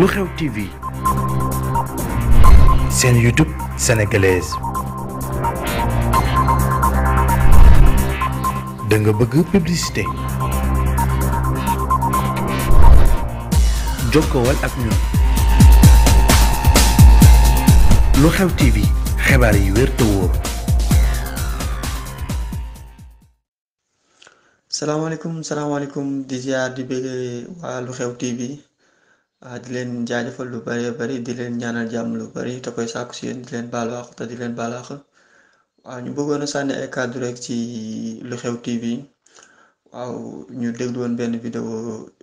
lu xew TV seen YouTube sénégalaise da bëgg publicité jokkowal ak ñun lu xew TV xibaar yi wér te wóor. salaamaaleykum salaamaaleykum di ziar di bëgg waa lu xew TV. Ah, di leen jaajëfal lu bari bari di leen ñaanal jàmm lu bari te koy sàkku si yéen di leen baal wax te di leen baal wax waaw ñu bëggoon a sànni ay kàddu rek ci lu xew TV waaw ñu déglu woon benn vidéo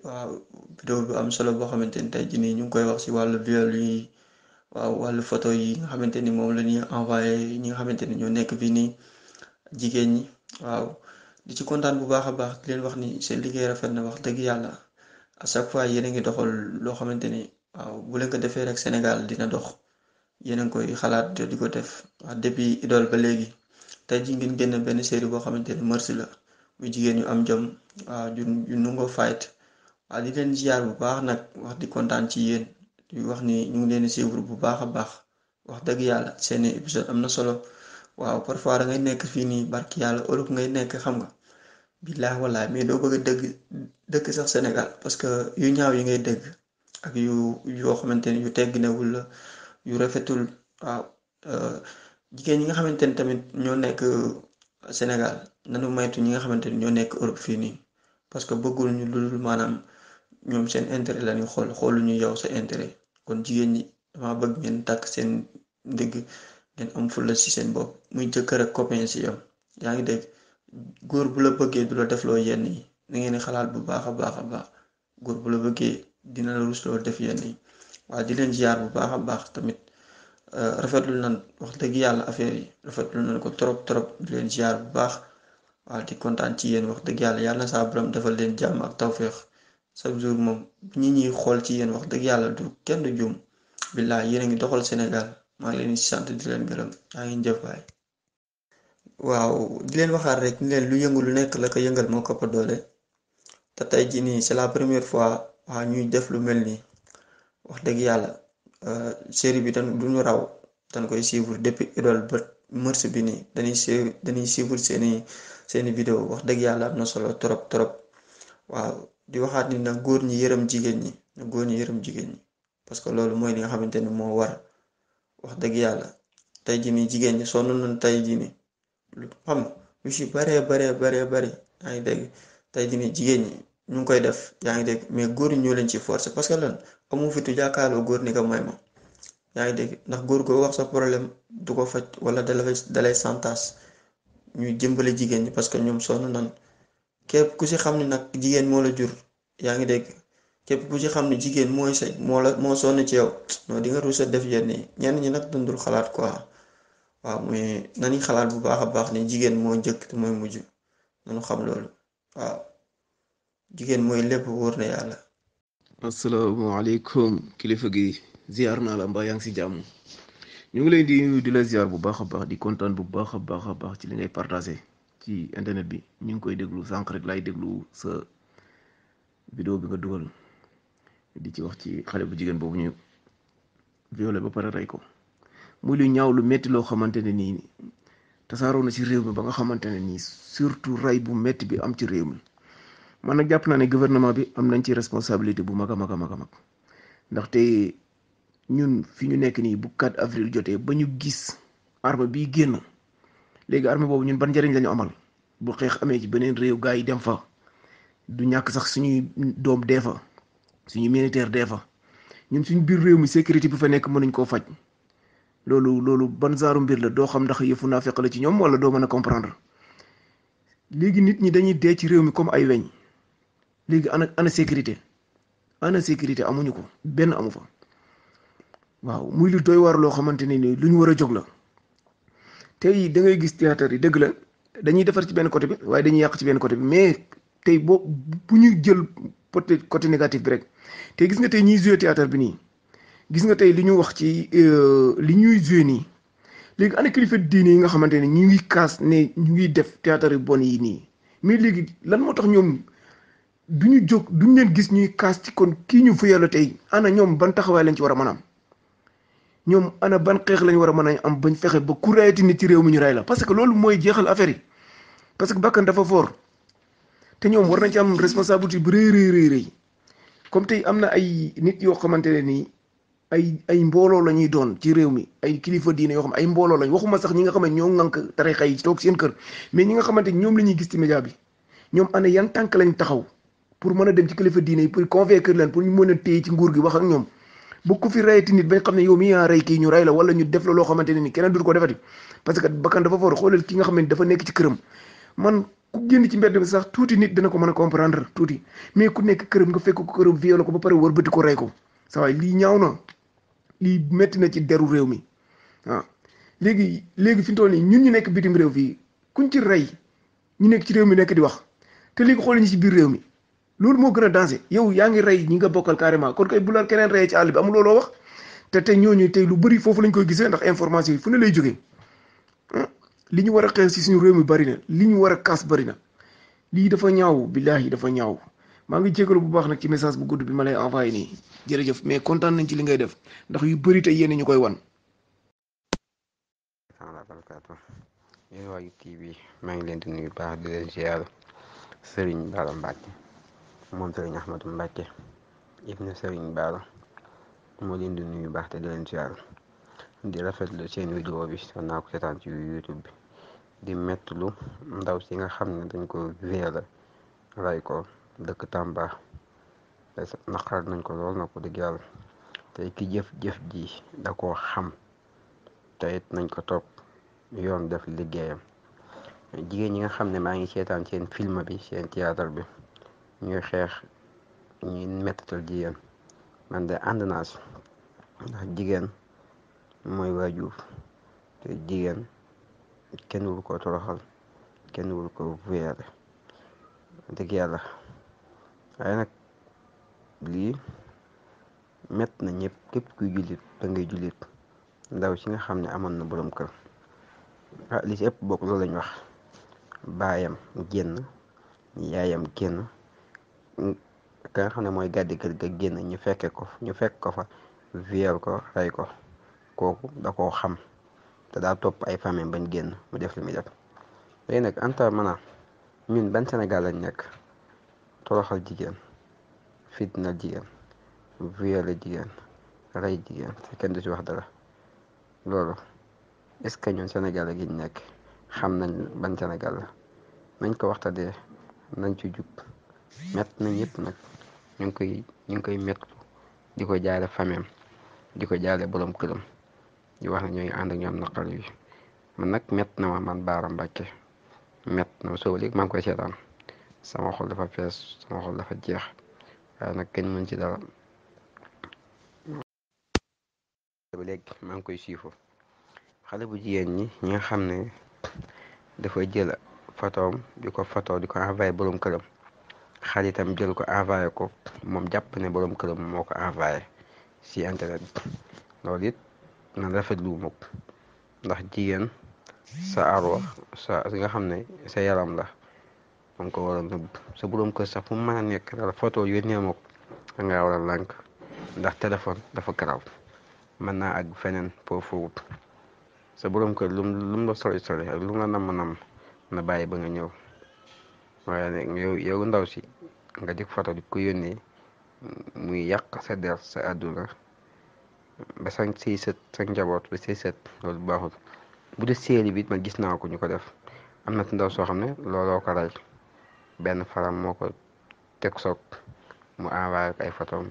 waaw vidéo bu am solo boo xamante ni tey jii nii ñu ngi koy wax si wàllu viol yi waaw wàllu photo yi nga xamante ni moom la ñuy envoyé ñi nga xamante ni ñoo nekk fii nii jigéen ñi waaw di ci kontaan bu baax a baax di leen wax ni seen liggéey rafet na wax dëgg yàlla. à chaque fois yéen a ngi doxal loo xamante ni waaw bu leen ko defee rek Sénégal dina dox yéen a ngi koy xalaat di ko def waaw depuis idole ba léegi tey ji ngeen génn benn série boo xamante ni merci la muy jigéen ñu am jom waaw ju ju nangoo fight waaw di leen ziar bu baax nag wax di kontaan ci yéen di wax ni ñu ngi leen di bu baax a baax wax dëgg yàlla seeni épisode am na solo waaw parfois da ngay nekk fii nii bark yàlla Europe ngay nekk xam nga. billaah wallaah mais doo bëgg a dëgg dëkk sax Sénégal parce que yu ñaaw yi ngay dégg ak yu yoo xamante ne yu tegginewul la yu rafetul waaw euh, jigéen ñi nga xamante ni tamit ñoo nekk Sénégal nanu maytu ñi nga xamante ni ñoo nekk Europe fii nii parce que bëggul ñu lu dul maanaam ñoom seen intérêt la ñu xool ñu yow sa intérêt kon jigéen ñi dama bëgg ngeen takk seen ndigg ngeen am fulla ci seen bopp muy jëkkër ak copain si yow yaa ngi dégg. góor bu la bëggee du la def loo yenn yi da ngeen di xalaat bu baax a baax a baax góor bu la bëggee dina la rusloo def yenn yi waaye di leen ziar bu baax a baax tamit euh, rafetlu nan wax dëgg yàlla affaire yi rafetlu nan ko trop trop di leen ziar bu baax waaw di kontaan ci yéen wax dëgg yàlla yàlla na saa borom defal leen jàmm ak tawféex chaque jour moom ñi ñuy xool ci yéen wax dëgg yàlla du kenn du juum billaay yéen a ngi doxal Sénégal maa ngi leen di sant di leen gërëm ngi jëf waaw di leen waxaat rek ni lu yëngu lu nekk la ko yëngal moo ko ëpp doole te tey jii nii c'est la première fois waaw ñuy def lu mel nii wax dëgg yàlla euh, série bi du duñu raw dañ koy suivre depuis idole ba mërs bi nii dañuy suivre dañuy suivre seeni seeni vidéo wax dëgg yàlla am na solo trop trop waaw di waxaat ni na góor ñi yërëm jigéen ñi na góor yërëm jigéen ñi parce que loolu mooy li nga xamante ni moo war wax dëgg yàlla tey nii jigéen ñi sonn nañ tey jii nii xam yu si baree baree bare bari yaa ngi dégg tey dina jigéen ñi ñu ngi koy def yaa ngi dégg mais góor ñoo leen ci forcer parce que lan amu fitu jàkkaarloo góor ni ko may ma yaa ngi dégg ndax góor ko wax sa problème du ko faj wala dalay dalay santas ñuy jëmbale jigéen ñi parce que ñoom sonn nan képp ku si xam ne nag jigéen moo la jur yaa ngi dégg képp ku si xam ne jigéen mooy sa moo la moo sonn ci yow non di nga rusa def yenn yi ñenn ñi nag dundul xalaat quoi waaw mais nañu xalaat bu baax a baax ne jigéen moo njëkk te mooy mujj nañu xam loolu waaw jigéen mooy lépp wóor na yàlla. asalaamaaleykum kilifa gi ziar naa la mbaa yaa ngi si jàmm ñu ngi lay di nuyu di la ziar bu baax a baax di kontaan bu baax a baax baax ci li ngay partagé ci internet bi ñu ngi koy déglu sànq rek lay déglu sa vidéo bi nga dugal di ci wax ci xale bu jigéen boobu ñu violé ba pare rek ko. muy lu ñaaw lu métti loo xamante ne nii tasaaroo na ci réew mi ba nga xamante ne nii surtout ray bu métti bi am ci réew mi man nag jàpp naa ne gouvernement bi am nañ ci responsabilité bu mag a mag a mag a mag ndaxte ñun fi ñu nekk nii bu 4 avril jotee ba ñu gis arme bii génn léegi arme boobu ñun ban njëriñ la amal bu xeex amee ci beneen réew gaa yi dem fa du ñàkk sax suñuy doom dee fa suñu militaire dee fa ñun suñu biir réew mi sécurité bu fa nekk mënuñ koo faj loolu loolu ban zaaru mbir la doo xam ndax yëfu naa naafeq la ci ñoom wala doo mën a comprendre léegi nit ñi dañuy dee ci réew mi comme ay weñ léegi ana ana sécurité ana sécurité amuñu ko benn amu fa waaw muy lu doy war loo xamante ne ni lu ñu war a jóg la tey da ngay gis théâtre yi dëgg la dañuy defar ci benn côté bi waaye dañuy yàq ci benn côté bi mais tey boo bu ñu jël côté côté négatif bi rek tey gis nga tey ñiy joué théâtre bi nii. gis nga tey li ñuy wax ci euh, li ñuy joué nii léegi ana kilifa diine yi nga xamante ne ñu ngi kaas ne ñu ngi def théâtre yu bon yi nii mais léegi lan moo tax ñoom du ñu jóg duñ leen gis ñuy kaas ci kon kii ñu fayal la tey ana ñoom ban taxawaay lañ ci war a mën a am ñoom ana ban xeex lañu war a mën a am bañ fexe ba ku rayati nit ci réew mi ñu ray la parce que loolu mooy jeexal affaire yi parce que bakkan dafa fort te ñoom war nañ ci am responsabilité bu rëy rëy rëy comme tey am na ay nit yoo xamante ne nii. ay ay mbooloo la ñuy doon ci réew mi ay kilifa diine yoo xam ay mbooloo lañ waxuma sax ñi nga xam ne ñoo ŋànk tarixa yi toog seen kër mais ñi nga xamante ñoom la ñuy gis ci média bi ñoom ana yan tànk taxaw pour mën a dem ci kilifa diine pour convaincre leen pour ñu ci nguur gi wax ak ñoom bu ku fi rayati nit bañ xam kii ñu rey la wala ñu def la loo xamante ne ni keneen du ko defati parce que bakkan dafa foor xoolal ki nga xam ne dafa nekk ci këram man ku génn ci mbedd bi sax tuuti nit dana ko mën a comprendre tuuti mais ku nekk këram nga fekk ko këram violé ko ba pare wërbati ko rey ko sa waay lii ñaaw na lii métti na ci deru réew mi waaw léegi léegi fi mu toll nii ñun ñu nekk bitim réew fii kuñ ci rey ñu nekk ci réew mi nekk di wax te léegi xool ñi ci biir réew mi loolu moo gën a danger yow yaa ngi rey ñi nga bokkal carrément kon kay bu la keneen reyee ci àll bi amul looloo wax te tey ñooñu tey lu bari foofu lañ koy gisee ndax information yi fu ne lay jógee ah. li ñu war a xeex si suñu réew mi bari na li ñu war a kaas bari na lii dafa ñaaw billaahi dafa ñaaw. maa ngi jégalu bu baax nag ci message bu gudd bi ma lay envoyé nii jërëjëf mais kontaan nañ ci li ngay def ndax yu bëri te yéen ñu koy wan. salaamaaleykum yéen waa UTV maa ngi leen di nuyu baax di leen ziar Serigne Bara Mbacke moom Serigne Ahmadou Mbacke ibnu Serigne Bara moo leen di nuyu baax te di leen ziar di rafetlu seen vidéo bi sax naa ko seetaan ci YouTube bi di mettlu ndaw si nga xam ne dañ ko réer ray dëkk Tamba naqar nañ ko lool nag ko dëgg yàlla tey ki jëf-jëf ji da koo xam te nañ ko topp yoon def liggéeyam jigéen ñi nga xam ne maa ngi seetaan seen film bi seen théâtre bi ñuy xeex ñuy mettatal jigéen man de ànd naa ndax jigéen mooy waajur te jigéen kenn wul ko toroxal kenn wul ko vuyeere dëgg yàlla waaye nag lii mett na ñépp képp kuy jullit da jullit ndaw si nga xam ne amoon na boroom kër ah li ci ëpp bokk loolu lañ wax baayam génn yaayam génn ka xam ne mooy gàddi kër génn ñu fekke ko ñu fekk ko fa viol ko rey ko kooku da koo xam te daa topp ay famille bañ génn mu def li muy def léegi nag anta mana ñun ban Sénégal lañ nekk toroxal jigéen fitna jigéen viole jigéen rey jigéen te kenn du ci wax dara loolu est-ce que ñun Sénégal gi ñu nekk xam nañ ban senegal la nañ ko waxtaanee nañ ci jub mett nañ yëpp nag ñu ngi koy ñu ngi koy mettu di ko jaale fameem di ko jaale borom këram di wax ne ñooy ànd ak ñoom naqar yi man nag mett na ma man baaram Mbàkke mett na soo léegi maa ngi koy seetaan sama xol dafa fees sama xol dafa jeex waaye nag kañ mën ci dara ba léegi maa ngi koy siifo xale bu jigéen ñi ñi nga xam ne dafa jël fotoom di ko foto di ko envoyé borom këram xale itam jël ko envoyé ko moom jàpp ne borom këram moo ko envoyé si internet loolu it man lu mukk ndax jigéen sa arwa sa nga xam ne sa yaram la danga ko sa boroom kër sax fu mu mën a nekk dala photo yónnee dafa garaaw naa ak feneen foofu boroom kër lum lum la sori sori bàyyi ba nga ñëw waaye nag yow ndaw si nga jëkk photo di ko yónnee muy yàq sa der sa àdduna ba sa say sa njaboot ba say sët loolu baaxul bu dee séeri bi man gis naa ko ñu ko def am na si ndaw soo xam ne looloo ko benn faram moo ko teg soog mu envoyé ko ay photom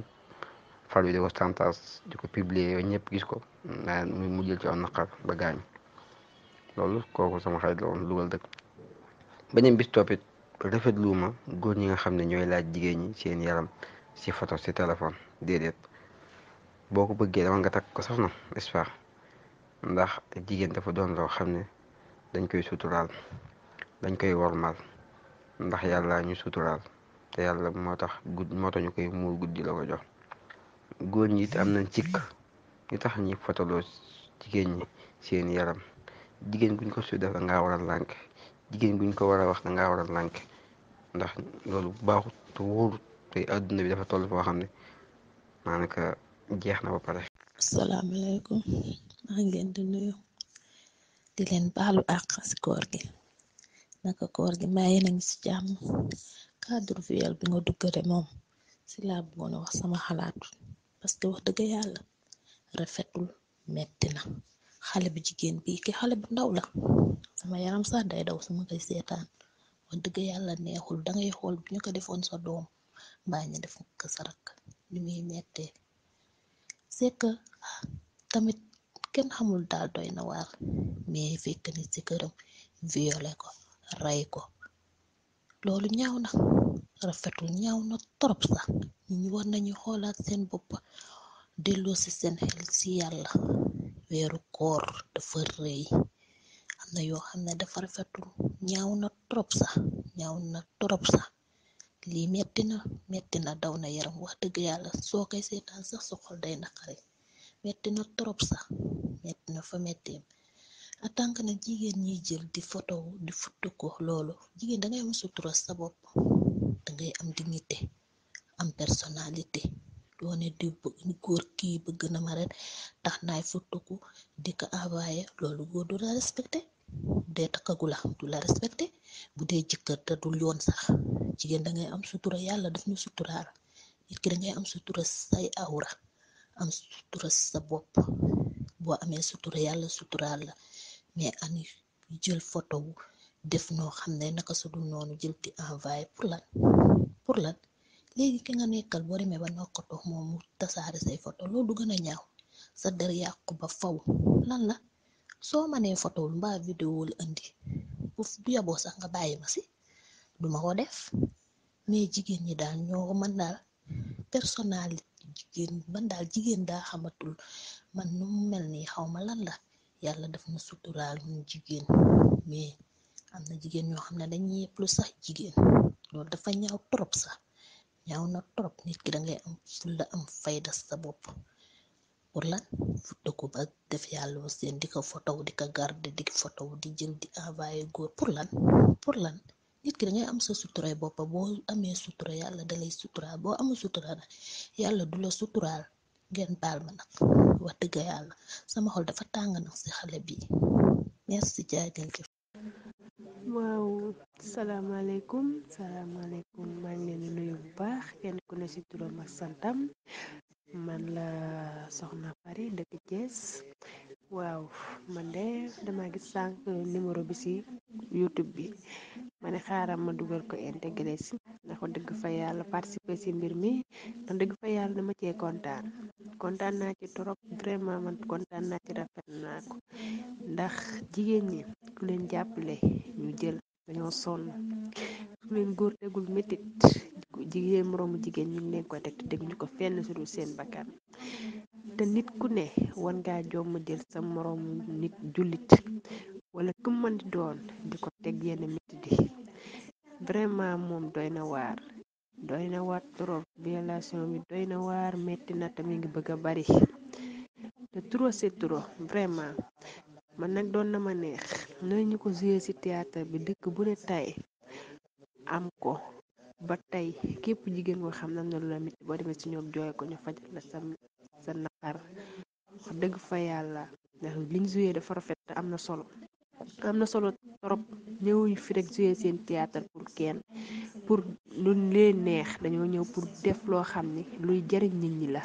far bi di ko santas di ko publier yooyu ñëpp gis ko mu jël ci am ba gaañ loolu kooku sama xarit la woon lugal dëkk beneen bis toppit rafetluuma góor ñi nga xam ne ñooy laaj jigéen ñi seen yaram si photo si téléphone déedéet boo ko bëggee dama nga takk ko sax na n'est-ce ndax jigéen dafa doon loo xam ne dañ koy suturaal dañ koy wormaal ndax yàlla ñu suturaal te yàlla moo tax gudd moo tax ñu koy muur guddi la ko jox góor ñi it am nañ cikk ñu tax ñi fotaloo jigéen ñi seen yaram jigéen guñ ko su def da ngaa war a lànk jigéen guñ ko war a wax da ngaa war a lànk ndax loolu baaxut te wóorut te adduna bi dafa toll foo xam ne maanaka jeex na ba pare. salaamaaleykum maa ngi leen di nuyu di leen baalu àq si koor gi. naka koor gi mbaa yéen a ngi ci jàmm cadre vie bi nga dugg de moom si laa bëggoon a wax sama xalaat parce que wax dëgg yàlla rafetul metti na xale bu jigéen bi ki xale bu ndaw la sama yaram sax day daw su ma seetaan wax dëgg yàlla neexul dangay xool bu ñu ko defoon sa doom mbaa ñu def ko sa rakk ñu ngi mettee c'est tamit kenn xamul daal doy na waar mais fekk nit ci këram violé ko rey ko loolu ñaaw na rafetul ñaaw na torop sax ñi war nañu xoolaat seen bopp delloo ci seen xel ci yàlla weeru koor dafa rëy am na yoo xam ne dafa rafetul ñaaw na torop sax ñaaw na torop sax lii metti na metti na daw na yaram wax dëgg yàlla soo koy seetaan sax sa xol day naqari metti na torop sax metti na fa metteem en tant que nag jigéen ñi jël di photo di futu loolu jigéen dangay am sutura sa bopp dangay am dignité am personnalité doone di góor kii bëgg na ma tax naay futtuku di ko envoyé loolu góor du la respecté dee takkagu la du la respecté bu dee jëkkër te dul yoon sax jigéen dangay am sutura yàlla daf ñu suturaal nit ki dangay am sutura say awra am sutura sa bopp boo amee sutura yàlla suturaal la mais ani jël photo wu def noo xam ne naka su dul noonu jël di envoyé pour lan pour lan léegi ki nga nekkal boo demee ba nokkatoo moom mu tasaare say photo loolu du gën a ñaaw sa der yàqu ba faw lan la soo mënee photo lu mbaa vidéo la indi bu yaboo sax nga bàyyi ma si duma ko def mais jigéen ñi daal ñoo man daal personnalité jigéen man daal jigéen daa xamatul man nu mel nii xaw ma lan la yàlla daf na suturaal ñun jigéen mais am na jigéen ñoo xam ne dañ yëpp lu sax jigéen loolu dafa ñaaw trop sax ñaaw na trop nit ki dangay am am la am fayda sa bopp pour lan futte ko ba def yàlla seen di ko fotow di ko garde di fotow di jël di envoyé góor pour lan pour lan nit ki da am sa suturay bopp boo amee sutura yàlla dalay sutura boo amul sutura yàlla du la suturaal ngeen baal ma nag wax dëgg yàlla sama xol dafa tàng nag si xale bi merci jaajëf. waaw salaamaaleykum salaamaaleykum maa ngi leen di nuyu bu baax kenn ku ne si turam ak santam man la soxna Fari dëkk Thiès waaw man de dama gis sànq numéro bi ci youtube bi ma ne xaaral ma dugal ko intégré si ndax dëgg fa yàlla participer si mbir mi ndax dëgg fa yàlla dama cee kontaan kontaan naa ci trop vraiment man kontaan naa ci rafet naa ko ndax jigéen ñi ku leen jàppale ñu jël dañoo sonn ku leen góor tegul métit jigéen moroomu jigéen ñu ngi leen koy teg te teguñu ko fenn su dul seen bakkan te nit ku ne war nga jomma jël sa moroom nit jullit wala ku mën doon di ko teg yenn metti di vraiment moom doy na waar doy na waar trop violation bi doy na waar metti na tamit ngi bëgg a bari te trop c'est trop vraiment man nag doon na ma neex nooy ñu ko joué ci théâtre bi dëkk bu ne tey am ko ba tey képp jigéen ko xam na ne lu la metti boo demee ci ñoom jooy ko ñu fajal la sam yaakaar wax dëgg fa yàlla ndax liñ joué dafa rafet am na solo am na solo trop ñëwuñu fi rek joué seen théâtre pour kenn pour lu leen neex dañoo ñëw pour def loo xam ni luy jariñ nit ñi la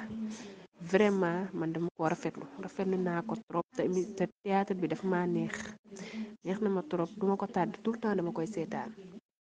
vraiment man dama ko rafetlu nu naa ko trop te théâtre bi dafa maa neex neex na ma trop duma ko tàdd tout le temps dama koy seetaan